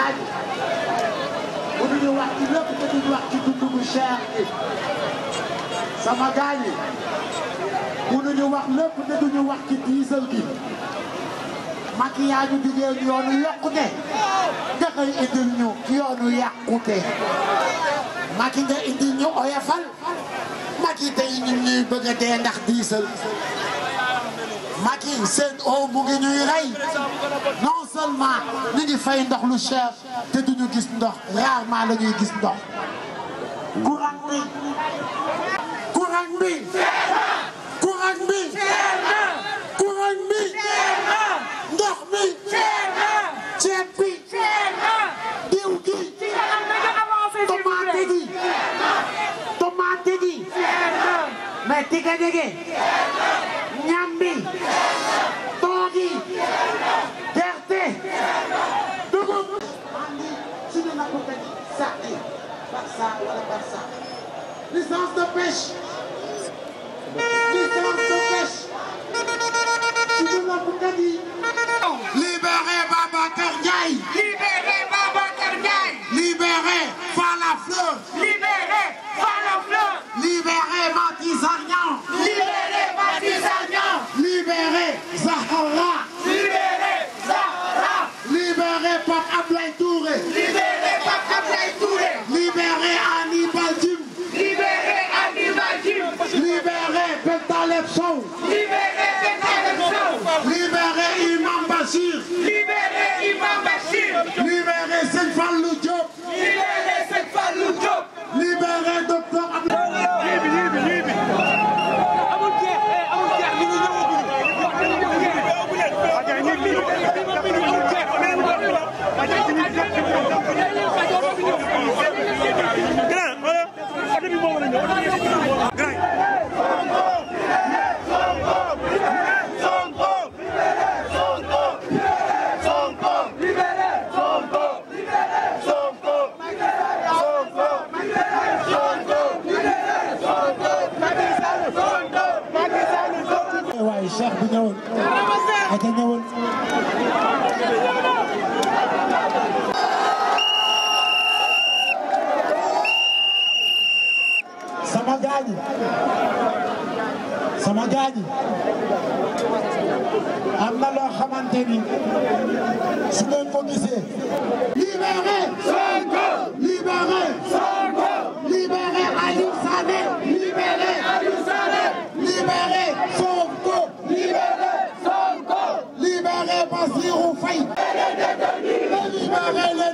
laaj mënuñu wax ci lépp te duñu wax ci dund bu cher bi sama gaañ yi mënuñu wax lépp te duñu wax ci diesel gi maquillage bi ngeen yoonu yokkute dafay indil ñu yoonu yàqute maki nga indil ñu mu ngi ñuy rey seulement ñu ngi fay ndox lu cher te duñu gis ndox rarement la ñuy gis ndox. courant bi. courant bi. courant bi. courant bi. ndox mi. ceeb bi. diw gi. tomate gi. tomate gi. mais tigga jege. barsaq wala barsaq licence de pêche licence de pêche ci nappkat yi ñëwal ata ñëwal sama gaañi sama gaañi am loo xamante ni su ngeen ko gisee libéré Sonko libéré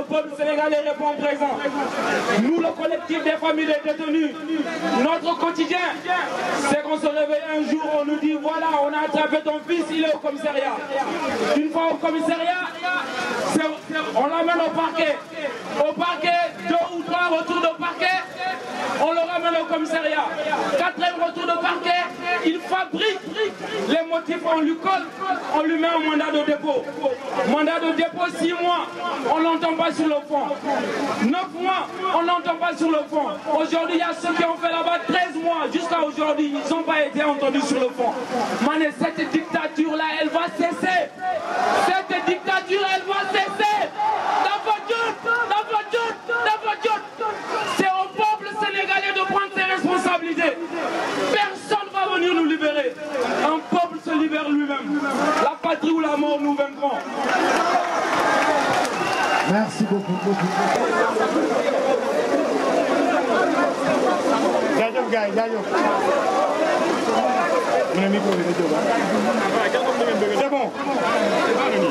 le peuple sénégalais répond présent. Nous, le collectif des familles des détenus, notre quotidien, c'est qu'on se réveille un jour, on nous dit voilà, on a attrapé ton fils, il est au commissariat. Une fois au commissariat, on l'amène au parquet. Au parquet, deux ou trois retours de parquet. on le ramène au commissariat. Quatrième retour de parquet, il fabrique les motifs, on lui on lui met un mandat de dépôt. Mandat de dépôt, six mois, on l'entend pas sur le fond. Neuf mois, on l'entend pas sur le fond. Aujourd'hui, il y a ceux qui ont fait là-bas 13 mois jusqu'à aujourd'hui, ils n'ont pas été entendus sur le fond. Mané, cette dictature-là, elle va cesser. Cette dictature, elle va cesser. La voiture, la voiture, la voiture. libère lui-même. La patrie ou la mort nous vaincrons. Merci beaucoup. jaajëf gars yi jaajëf. mu ne micro bi nga jóg ah. c'est bon.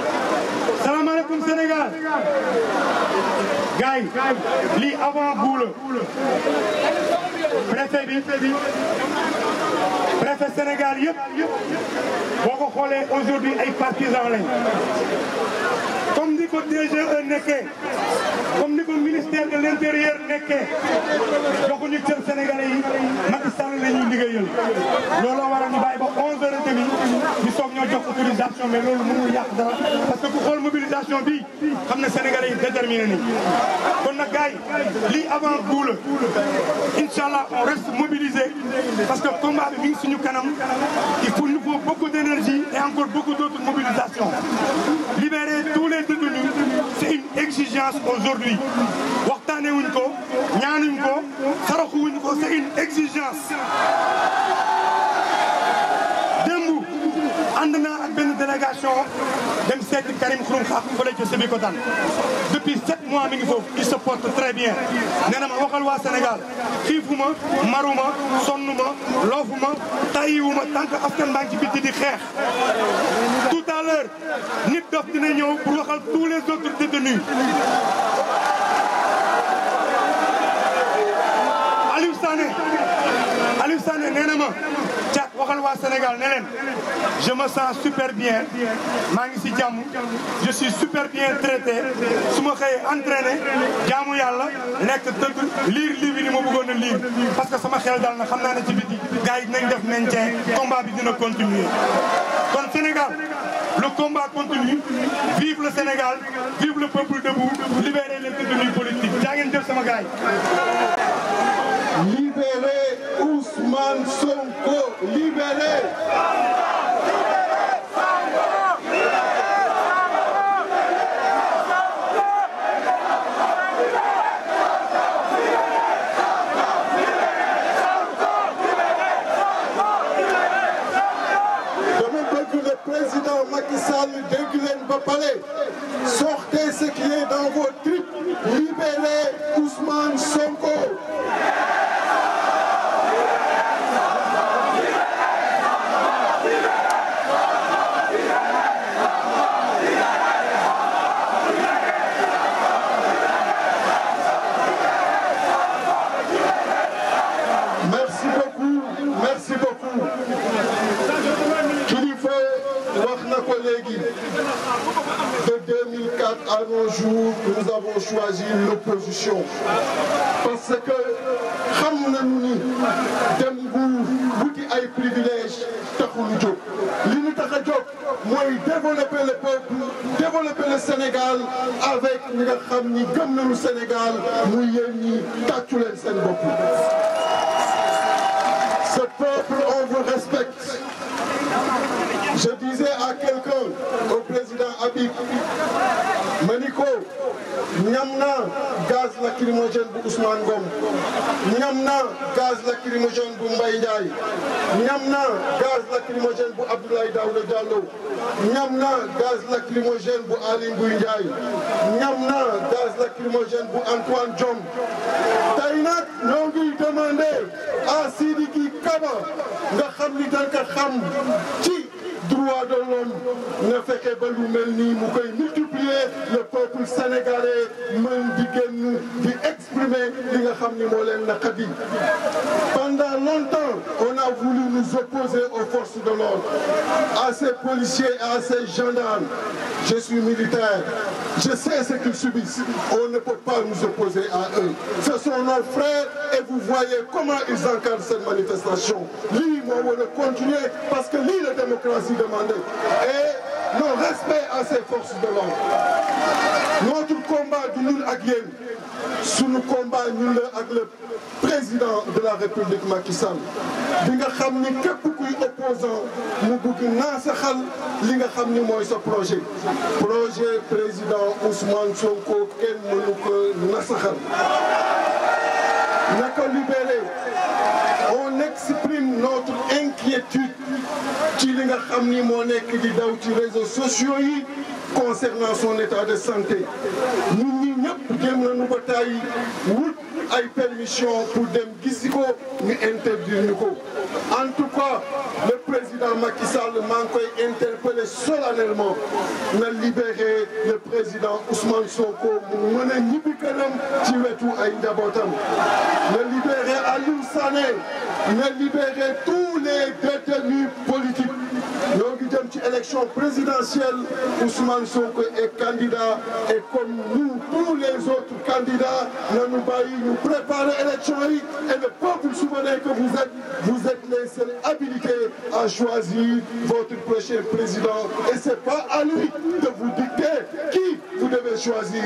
salaamaaleykum Sénégal. gars yi. lii avant-goût la. préfet bi. te Sénégal yëpp boo ko xoolee aujourd'hui ay partisans lañ comme ni ko DGE nekkee comme ni ko ministère de l'intérieur nekkee joxuñu cër sénégalais yi Macky Sall la ñuy liggéeyal looloo waral ñu bàyyi ba 11h30 ñu soog ñoo jox autorisation mais loolu mënul yàq dara parce que ku xool mobilisation bi xam ne sénégalais yi déterminé ni kon nag gars yi lii avant tout la incha allah on reste mobilisé parce que combat bi mi ngi suñu kanam il faut nous faut beaucoup d' énergie et encore beaucoup d' autres mobilisations libérer tous les détenus c' est une exigence aujourd'hui waxtaanee wuñ ko ñaanuñ ko xaraxuwuñ ko c' est une exigence ànd naa ak benn délégation dem seeti Karim Xurum Xaq fële ca Sébikotane depuis sept mois mi ngi foofu il se porte très bien nee na ma waxal waa Sénégal xiifuma maruma sonnuma loofuma tayiwuma tànk askan baa ngi ci biti di xeex tout à l'heure nit dof dina ñëw pour waxal tous les autres détenus Aliou Sané Aliou Sané nee na ma waxal waa Sénégal ne leen je me sens super bien maa ngi si jàmm je suis super bien traité su ma xëyee entraîné jaamu yàlla lekk tëgg liir livre yi ma bëggoon a liir parce que sama xel daal na xam naa ne ci biti gars yi dinañ def maintien combat bi dina continuer kon Sénégal le combat continue vive le Sénégal vive le peuple debout libérez les détenus politiques jaa ngeen jëf sama gars yi libérez Ousmane Sonko libéré. président Macky Sall dégg leen ba pare sortez ce qui est dans vos tripes libérez Ousmane Sonko à nos jours nous avons choisi l'opposition parce que xam nañu ni dem bu wuti ay privilèges taxul jóg li ñu tax a jóg mooy développer le peuple développer le Sénégal avec ñi nga xam ni gëm nañu Sénégal muy yéen ñi tàccu leen seen bopp. ce Je disais à quelqu'un, au président Habib, ñam naa gaz lacrymogène bu Ousmane Ngom ñam naa gaz lacrymogène bu Mbaye Ndiaye ñam naa gaz lacrymogène bu Abdoulaye Daouda Diallo bu Ali Nguy Ndiaye ñam naa gaz lacrymogène bu Antoine Diome tey nag ñoo ngi demandé à Sidiki Kaba nga xam li danga xam ci droit de nga fekkee ba lu mel nii mu koy saluer le peuple sénégalais mën di génn di exprimer li nga xam ni moo leen naqadi pendant longtemps on a voulu nous opposer aux forces de l'ordre à ces policiers et à ces gendarmes je suis militaire je sais ce qu'ils subissent on ne peut pas nous opposer à eux ce sont nos frères et vous voyez comment ils encadrent cette manifestation lii moo war a continuer parce que lii la démocratie demandait et non respect à ces forces de l'ordre notre combat du ñun ak yéen suñu combat ñun la ak président de la république Macky Sall bi nga xam ni képp kuy opposant mu bëgg naa sa xal li nga xam ni mooy sa projet projet président Ousmane Sonko kenn mënu ko nasaxal naka ci li nga xam ni moo nekk di daw ci réseaux sociaux yi concernant son état de santé ñun ñi ñëpp jéem nañu ba tàyyi wut ay permission pour dem gisi ko ñu interdire ñu ko en tout cas le président Macky Sall maa ngi koy interpeller solennellement na libérer le président Ousmane Sonko mu mën a ñibbi kanam ci wetu ay njabootam na libérer Aliou Sané na libérer tous les détenus politiques ñoo ngi ci élection présidentielle Ousmane Sonko est candidat et comme nous tous les autres candidats nañu bàyyi ñu préparer élection yi et le peuple souverain que vous êtes vous êtes à choisir votre prochain président et c'est pas à lui de vous dicter qui vous devez choisir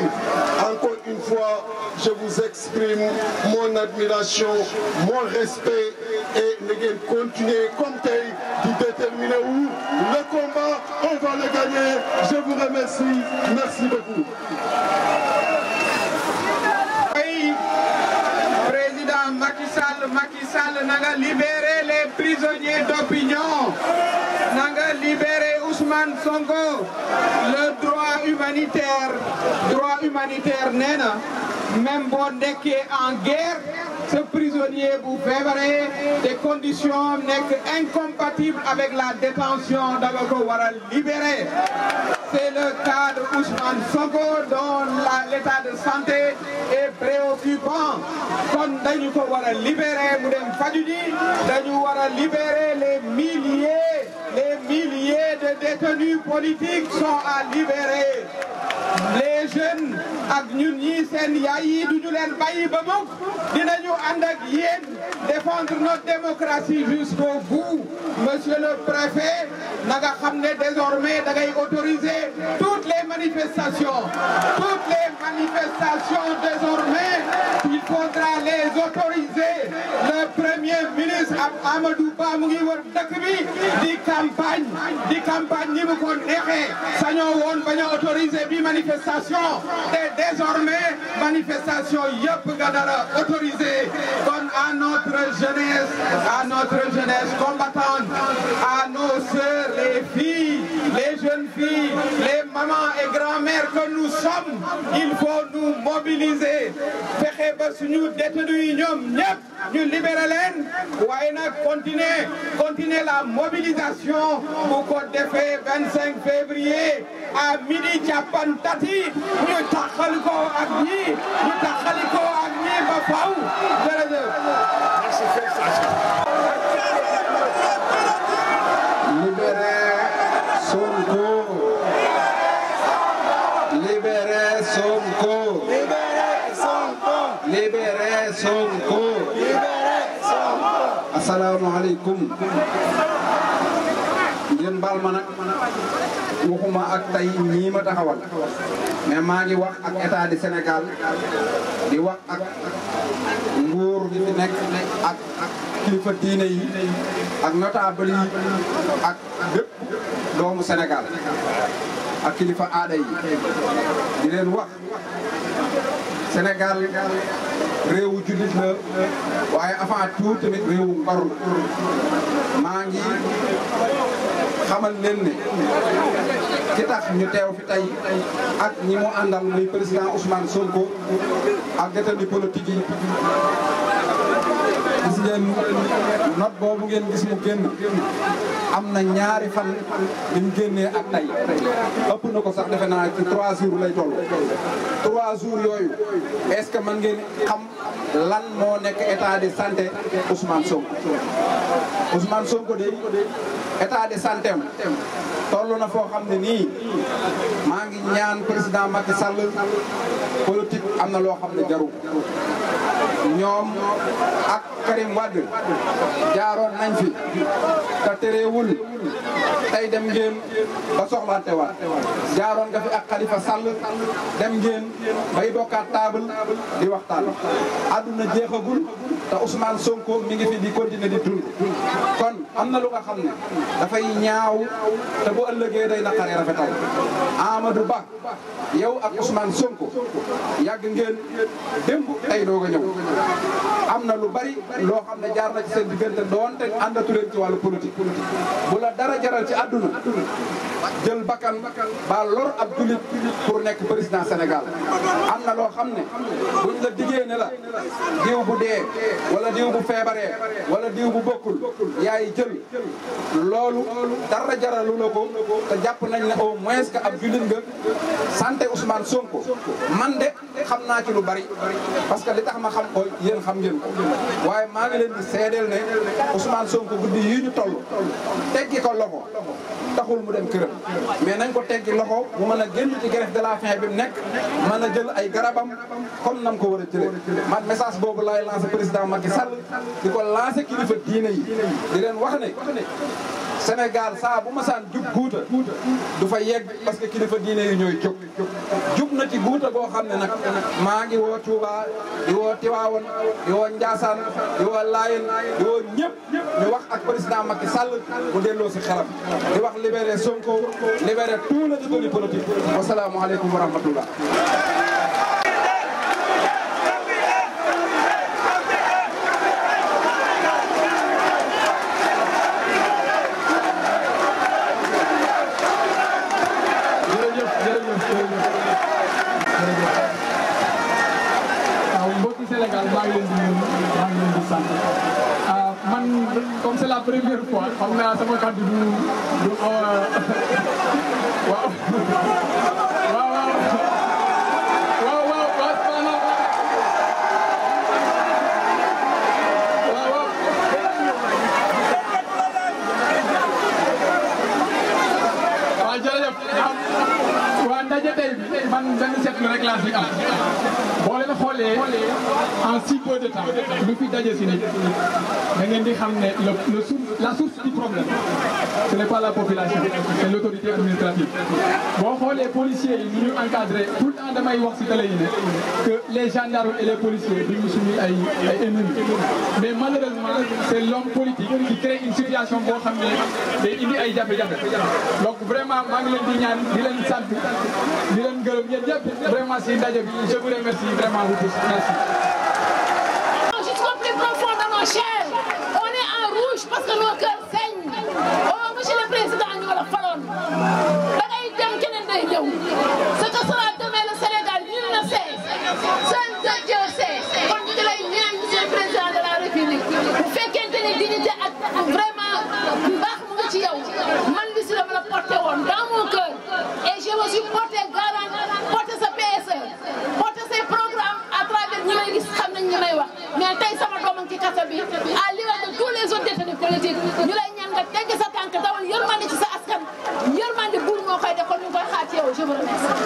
encore une fois je vous exprime mon admiration mon respect et na continuer Sénégalais, je vous remercie. Merci beaucoup. Oui, président Macky Sall, Macky Sall nanga libérer les prisonniers d'opinion. Nanga libérer Ousmane Sonko. Le humanitaire droit humanitaire nee na nekkee en guerre ce prisonnier bu feebaree des conditions nekk incompatibles avec la détention danga ko war a libérer c'est le cas de Ousmane Sonko dont l'état de santé est préoccupant kon dañu ko war a libérer mu dem faju ji dañu les milliers Les milliers de détenus politiques sont à libérer. les jeunes ak ñun ñii seen yaay yi du ñu leen bàyyi ba défendre notre démocratie jusqu'au bout monsieur le préfet na nga xam ne désormais da ngay toutes les manifestations toutes les manifestations désormais il faudra les autoriser Amadou Ba mu ngi wër dëkk bi di campagne di campagne ni mu ko neexee sañoo woon ba autorisé bi manifestation te désormais manifestation yëpp nga dara autorisé kon à notre jeunesse à notre jeunesse combattante à nos sœurs jeunes filles, les mamans et grand-mères que nous sommes il faut nous mobiliser fexe ba suñu détenu yi ñoom ñëpp ñu libéré leen waaye nag continuer continuer la mobilisation bu ko defee 25 février à midi jàppan tati ñu taxali ko ak ñi ñu taxali ko ak ñi ba faw jërëjëf. libéré. asalaamaaleykum ngeen baal ma nag ak tey ñii taxawal mais maa ngi wax ak état du Sénégal di wax ak nguur gi fi nekk ak kilifa diine yi ak notable yi ak bépp doomu Sénégal ak kilifa aada yi di wax Sénégal réewu jullit la waaye avant tout tamit réewu ngor maa ngi xamal leen ne ki ñu teew fi tey ak ñi mu àndal président Ousmane Sonko ak gëtali politique yi ngeen note boobu ngeen gis mu génn am na ñaari fan bi mu génnee ak tey ëpp na ko sax defe naa ci trois jours lay toll trois jours yooyu est-ce que man ngeen xam lan moo nekk état de santé Ousmane Sonko Ousmane Sonko de état de santé am na foo xam ne nii maa ngi ñaan président Macky Sall politique am na loo xam ne jarul ñoom ak Karim Wade jaaroon nañ fi te terewul tey dem ngeen ba soxlaante waat jaaroon nga fi ak Khalifa Sall dem ngeen bay bokkaat table di waxtaan adduna jeexagul te Ousmane Sonko mi ngi fi di continuer kon am na lu nga xam ne dafay ñaaw te bu ëllëgee day naqaree rafetal Amadou Ba yow ak Ousmane Sonko yàgg ngeen démb ay doog a ñëw am na lu bari loo xam ne jaar na ci seen diggante doonte àndatu leen ci wàllu politique bu la dara jaral ci àdduna jël bakkan ba nekk président Sénégal am na loo xam ne buñ la diggee ne la diw bu dee wala diw bu feebaree wala diw bu bokkul yaay jël loolu dara jaralu la ko te jàpp nañ ne au moins que ab jullit ga sante Ousmane Sonko man de xam naa ci lu bari parce que li tax ma xam ko yéen xam ngeen ko waaye maa ngi leen di seedeel ne Ousmane Sonko guddi yi ñu toll teggi ko loxo taxul mu dem këram mais nañ ko teggi loxo mu mën a génn ci grève de la faim bi mu nekk mën a jël ay garabam comme nam ko war a jëlee man message boobu laay lancer président président Macky Sall di ko lancé kilifa diine yi di leen wax ne Sénégal saa bu masaan jub guuta du fa yegg parce que kilifa diine yi ñooy jóg jub na ci guuta boo xam ne nag maa ngi woo Touba di woo Tiwaawan di woo Njaasaan di woo Laayeen di woo ñu wax ak président Macky Sall mu delloo si xelam di wax libéré Sonko libéré tout le détenu politique wasalaamualeykum wa rahmatullah comme c'est la première fois xam naa sama kàddu du du xaw a waaw waaw waaw waaw waaw waaw jërëjëf waaw ndaje tey bi man benn seetlu rek laa fi am xoolee en si de temps lu fi daje si nit da ngeen di xam ne le le source la source du problème. ce n'est pas la population l'autorité administrative boo xoolee policiers yi ñu ñu encadré tout le temps wax ci télé que les gendarmes et les policiers duñu suñu ay ay ennemis mais malheureusement c'est l'homme politique qui crée une situation boo xam ne indi ay jafe-jafe donc vraiment maa ngi leen di ñaan di leen sant di leen gërëm yéen ñëpp vraiment ci ndaje bi je vous remercie vraiment vous tous merci je suis profondément Dieu. Ce que sera demain le Sénégal, nul ne sait. Seul Dieu sait. kon lay ñaan monsieur le président de la République bu fekkente ni dignité ak vraiment bu baax mu ngi ci yow man bi si dama la porté woon dans mon cœur et je me suis porté garant porté remercie.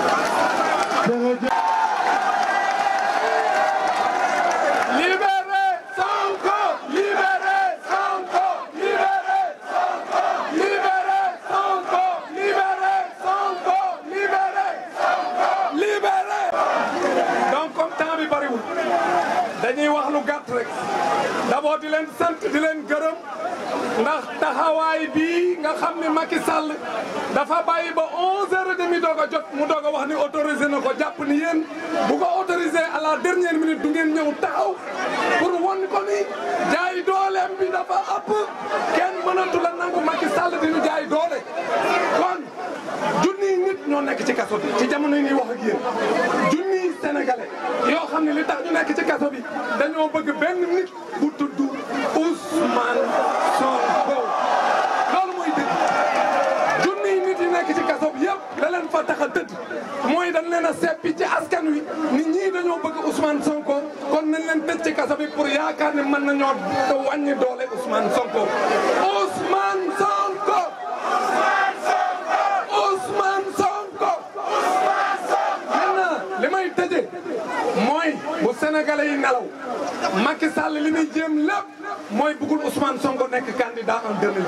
ci kaso bi pour yaakaar mën nañoo wàññi doole Ousmane Sonko Ousmane Sonko li may tëje mooy bu sénégalais yi nelaw Macky li muy jéem lépp mooy bëggul Ousmane Sonko nekk candidat en 2024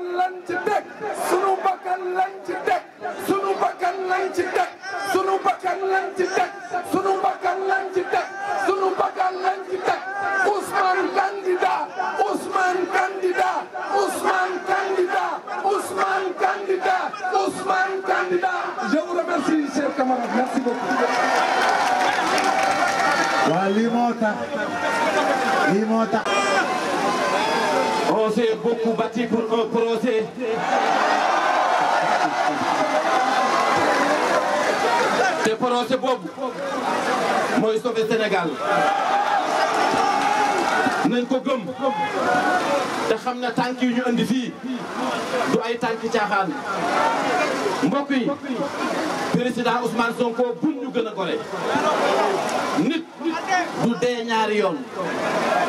bakkan lañ ci teg sunu bakkan lañ ci teg sunu bakkan lañ ci teg sunu bakkan lañ ci teg sunu bakkan lañ ci teg sunu bakkan lañ ci teg Ousmane candidat Ousmane candidat Ousmane candidat Ousmane candidat Ousmane candidat je vous remercie chers camarades merci beaucoup waa lii moo tax lii moo tax beaucoup bâti pour un projet. te projet boobu mooy sauver Sénégal. nañ ko gëm te xam na tànk yu ñu andi fii du ay tànk caaxaan mbokk yi président Ousmane Sonko buñ ñu gën a gore nit du dee ñaari yoon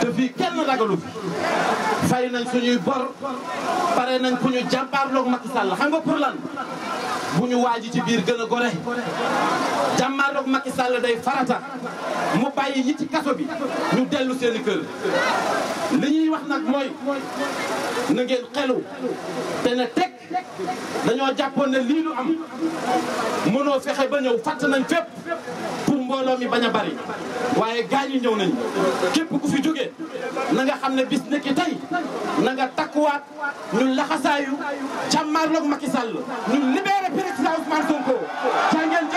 te fii kenn ragalu fi fay nañ suñuy bor pare nañ ku ñu jàmbaarloog Macky Sall xam nga pour lan bu ñu waaji ci biir gën a gore jàmbaarloog Macky Sall day farata mu bàyyi yi ci kaso bi ñu dellu seen i li ñuy wax nag mooy na ngeen xelu te ne teg dañoo jàppoon ne lii lu am mënoo fexe ba ñëw fàtt nañ fépp mbooloo mi bañ a bari waaye gaa ñow ñëw nañ képp ku fi jóge na nga xam ne bis nekki tey nanga nga takkuwaat ñu laxasaayu jàmmaarloog Macky Sall ñu libéré président Ousmane Sonko jaa ngeen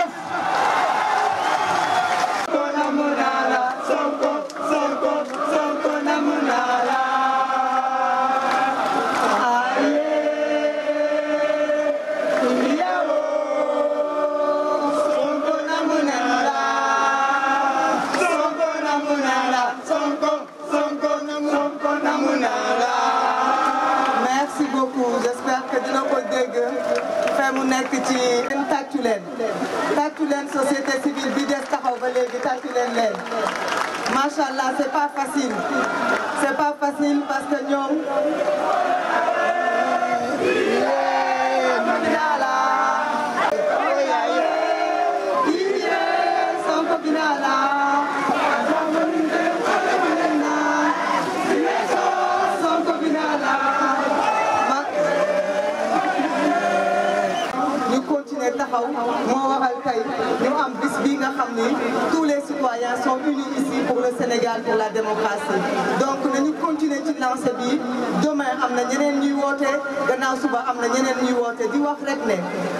Sénégal pour la démocratie donc nañu continuer ci lancé bi demain am na ñeneen ñuy woote gannaaw suba na ñeneen ñuy woote di wax rek ne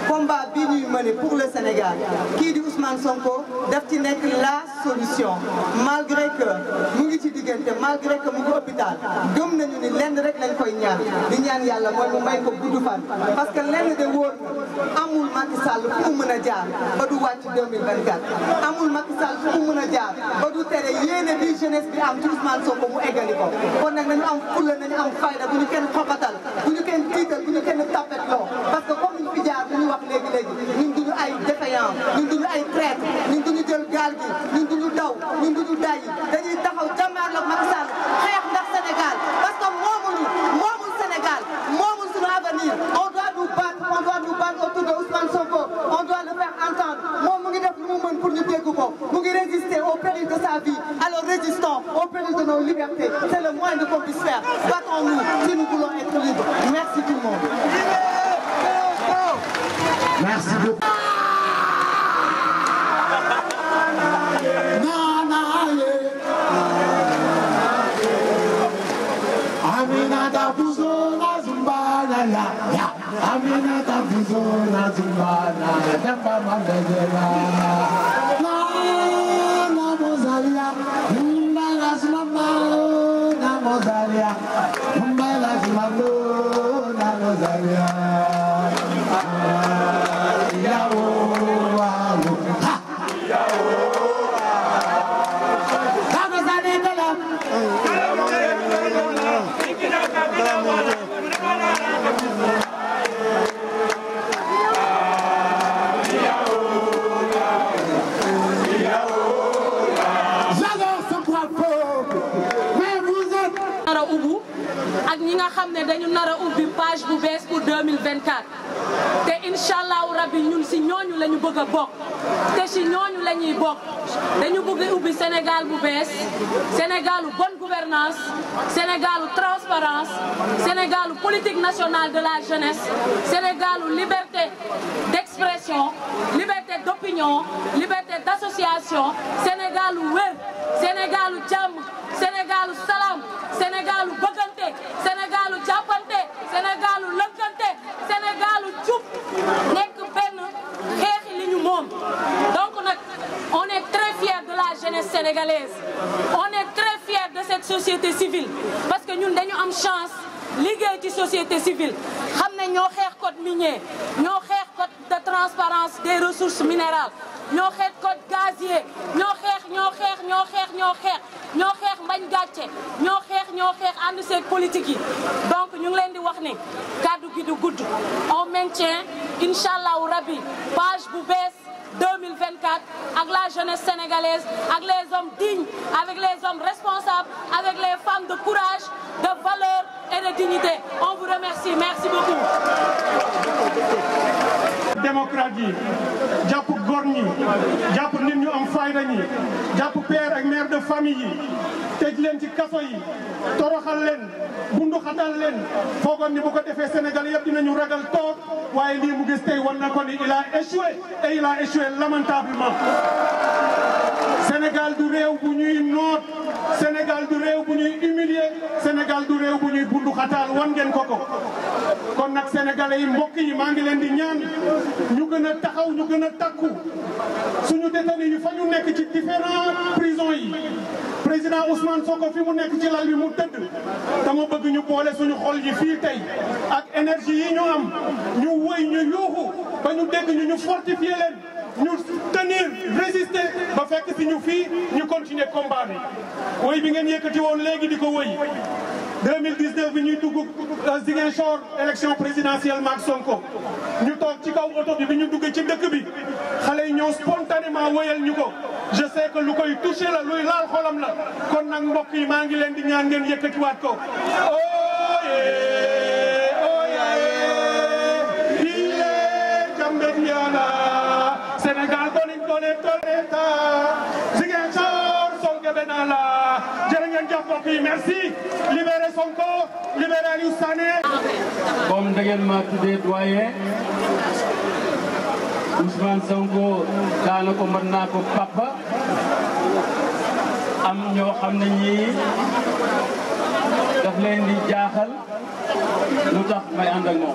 combat bi ñuy mëne pour le Sénégal kii di Ousmane Sonko daf ci nekk la solution malgré que mu ngi ci diggante malgré que mu ngi hôpital gëm nañu ni lenn rek lañ koy ñaan di ñaan yàlla mooy mu may ko gudd fan parce que lenn de wóor amul Macky Sall fu mu mën a jaar ba du wàcc 2024 amul Macky Sall fu mu mën a jaar ba du tere yéene bi jeunesse bi am ci Ousmane Sonko mu eggali ko kon nag nañu am fulla nañu am fayda bu ñu kenn leen tiital bu ñu kenn tapet loo parce que comme ñu fi jaar bu ñu wax léegi léegi ñun duñu ay défaillant ñun duñu ay traître ñun duñu jël gaal gi ñun duñu daw ñun duñu dayyi taxaw jàmmaar la Macky Sall ndax Sénégal parce que moomuñu moomul Sénégal moomul suñu avenir mën pour ñu dégg ko mu ngi résister au péril de sa vie alors résistons au péril de nos libertés c'est le moins qu'on puisse faire battons-nous si nous voulons être libres merci tout le monde. merci beaucoup. Aminata Aminata Bizona Zumana Dapa Mandela bu bees pour 2024 te incha allahu rabbi ñun si ñooñu la ñu bëgg a bokk te si ñooñu la ñuy bokk dañu bëgg ubbi Sénégal bu bees Sénégalu bon gouvernance Sénégalu transparence Sénégalu politique nationale de la jeunesse Sénégalu liberté d'expression liberté d'opinion liberté d'association Sénégalu wér Sénégalu jàmm sénégal salaam sénégal bëgg sénégalaise. On est très fiers de cette société civile parce que ñun dañu am chance liggéey ci société civile xam ne ñoo xeex code minier ñoo xeex code de transparence des ressources minérales ñoo xeex code gazier ñoo xeex ñoo xeex ñoo xeex ñoo xeex ñoo xeex mbañ gàcce ñoo xeex ñoo xeex ànd seeg politique yi donc ñu ngi leen di wax ni kàddu gi du gudd on maintient incha allahu rabbi page bu bees 2024 ak la jeunesse sénégalaise ak les hommes dignes avec les hommes responsables avec les femmes de courage de valeur et de on vous remercie merci beaucoup góor ñi jàpp ñu am fayda ñi jàpp ak mère de famille yi tëj leen ci kaso yi toroxal leen bunduxatal leen foogoon ni bu ko defee Sénégal yëpp dinañu ragal toog waaye lii mu gis tey war na ko ni il a échoué et il a échoué lamentablement Sénégal du réew bu ñuy noot Sénégal du réew bu ñuy humilier Sénégal du réew bu ñuy bundu xataal wan ngeen ko ko kon nag sénégalais yi mbokk yi maa ngi leen di ñaan ñu gën a taxaw ñu gën a takku suñu détenus yi fa ñu nekk ci différents prisons yi président Ousmane Sonko fi mu nekk ci lal yi mu tëdd dama bëgg ñu boole suñu xol yi fii tey ak énergie yi ñu am ñu wëy ñu yuuxu ba ñu dégg ñu ñu fortifier leen ñu tenir résister ba fekk si ñu fii ñu continuer combat bi woy bi ngeen yëkkati woon léegi di ko woy 2019 bi ñuy dugg Ziguinchor élection présidentielle maak Sonko ñu toog ci kaw oto bi bi ñu duggee ci dëkk bi xale yi ñëw spontanément woyal ñu ko je sais que lu koy touché la luy laal xolam la kon nag mbokk yi maa ngi leen di ñaan ngeen yëkkatiwaat ko oye oye ile jambet yaana honnête état Ziguinchor Sonko bena la jërë ngeen ma tuddee doyen Ousmane Sonko daanaka mën naa ko papa am ñoo xam ne ñii daf leen di jaaxal lu tax may ànd ak moom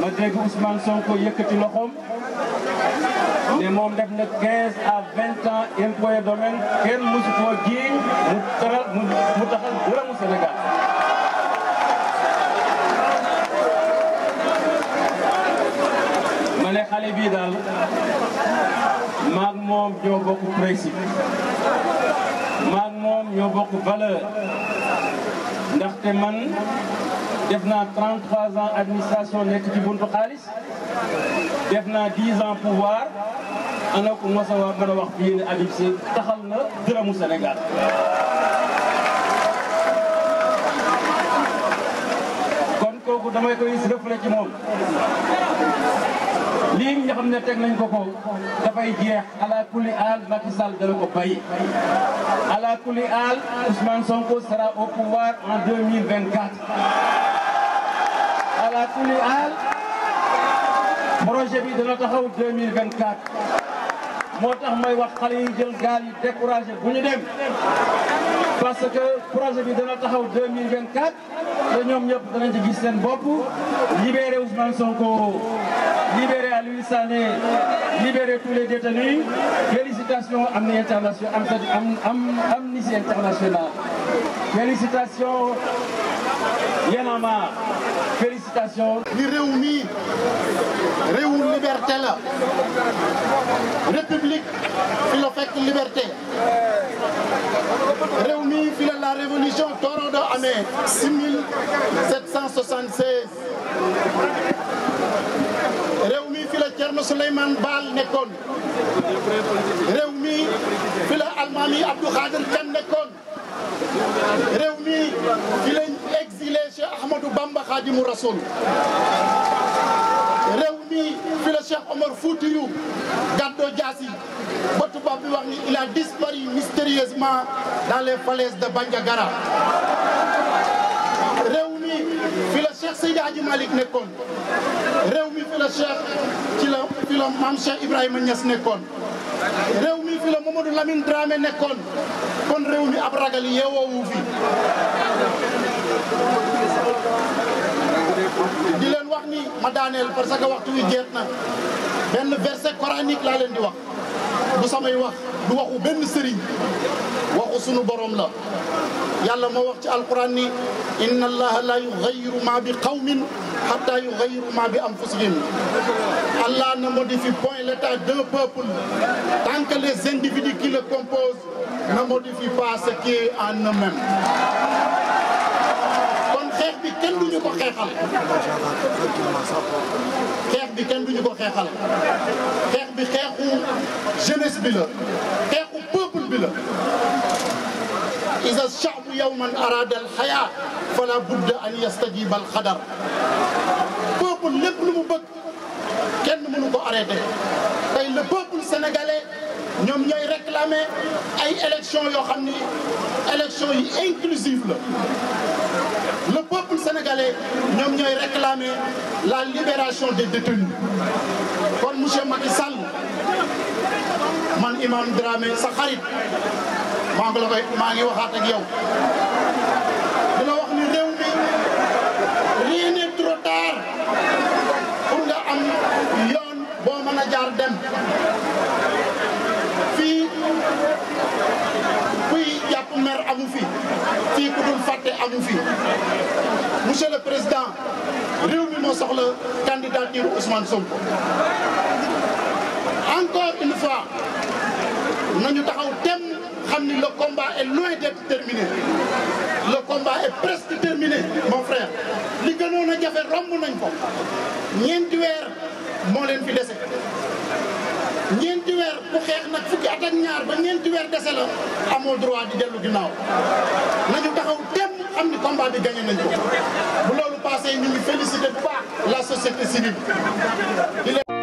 ma dégg Ousmane Sonko yëkkati loxoom ne moom def na 15 à 20 ans employé domaine kenn mosu koo jiiñ mu taxal mu taxal dërëmu Sénégal. ma ne moom ñoo bokk principe moom ñoo bokk ndaxte man. def naa 33 ans administration nekk ci buntu xaalis def naa 10 ans pouvoir ana ko mos a mën a wax fii ne Habib Sy taxal na gërëmu Sénégal. kon kooku damay koy reflet ci moom. lii nga ne teg nañ ko ko dafay jeex ala kulli aal Macky Sall dana ko bàyyi ala kulli aal Ousmane Sonko sera au pouvoir en ala kulli al projet bi dana taxaw 2024 moo tax may wax xale yi jël gaal yi découragé bu ñu dem parce que projet bi dana taxaw 2024 te ñoom ñëpp danañ ci gis seen bopp libéré Ousmane Sonko libéré Aliou Sané libéré tous les détenus félicitations Amnesty International am Amnesty International félicitations Y'en a marre félicitations. ni réew mii réewu liberté la république fi la fekk liberté réew mii fi la la révolution torodo amee 6776 réew mii fi la Thierno Baal nekkoon réew mii fi la Almaami Abdou Khadir Cheikh Ahmadou réew mi fi la Cheikh Omar Foutiyou gàddoo jaasi ba tubaab bi wax ni il a mystérieusement dans les falaises de Bandiagara réew mi fi la Cheikh Seydi nekkoon réew mi fi Maam Cheikh Ibrahima Niass nekkoon réew mi fi la Mamadou Lamine Dramé nekkoon kon réew mi ab ragal yeewoowu fi ma daaneel parce que waxtu wi jeet na benn verset coranique laa leen di wax du samay wax du waxu benn sëriñ waxu sunu borom la yàlla moo wax ci alquran ni inna allaha la yughayyiru ma bi qawmin hatta yughayyiru ma bi anfusihim allah ne modifie point l'état d'un peuple tant que les individus qui le composent ne modifient pas qui est en xeex bi kenn duñu ko xeexal xeex bi kenn duñu ko xeexal xeex bi xeexu jeunesse bi la xeexu peuple bi la إذا الشعب يوما أراد الحياة فلا بد أن يستجيب القدر peuple lépp lu mu bëgg kenn mënu ko arrêté tey le peuple sénégalais ñoom ñooy réclamer ay élections yoo xam ni élections yi inclusive la le peuple sénégalais ñoom ñooy réclamer la libération des détenus kon monsieur Macky Sall man Imam Dramé sa xarit maa ngi waxaat ak yow dina wax ni réew mi rien n'est trop nga am yoon boo mën a jaar dem fii ku mer amu fi fii ku dul fàtte amu fi monsieur le président réew mi moo soxla candidature Ousmane Sonko encore une fois nañu taxaw tem xam ni le combat est loin d'être terminé le combat est presque terminé mon frère li gënoon jafe romb nañ ko ñeenti weer moo leen fi dese ñeenti bu xeex nag fukki at ñaar ba ñeenti weer dese la amoo droit di dellu ginnaaw nañu taxaw tem am ni combat bi gagné nañ ko bu loolu passé ñu ngi félicité bu baax la société civile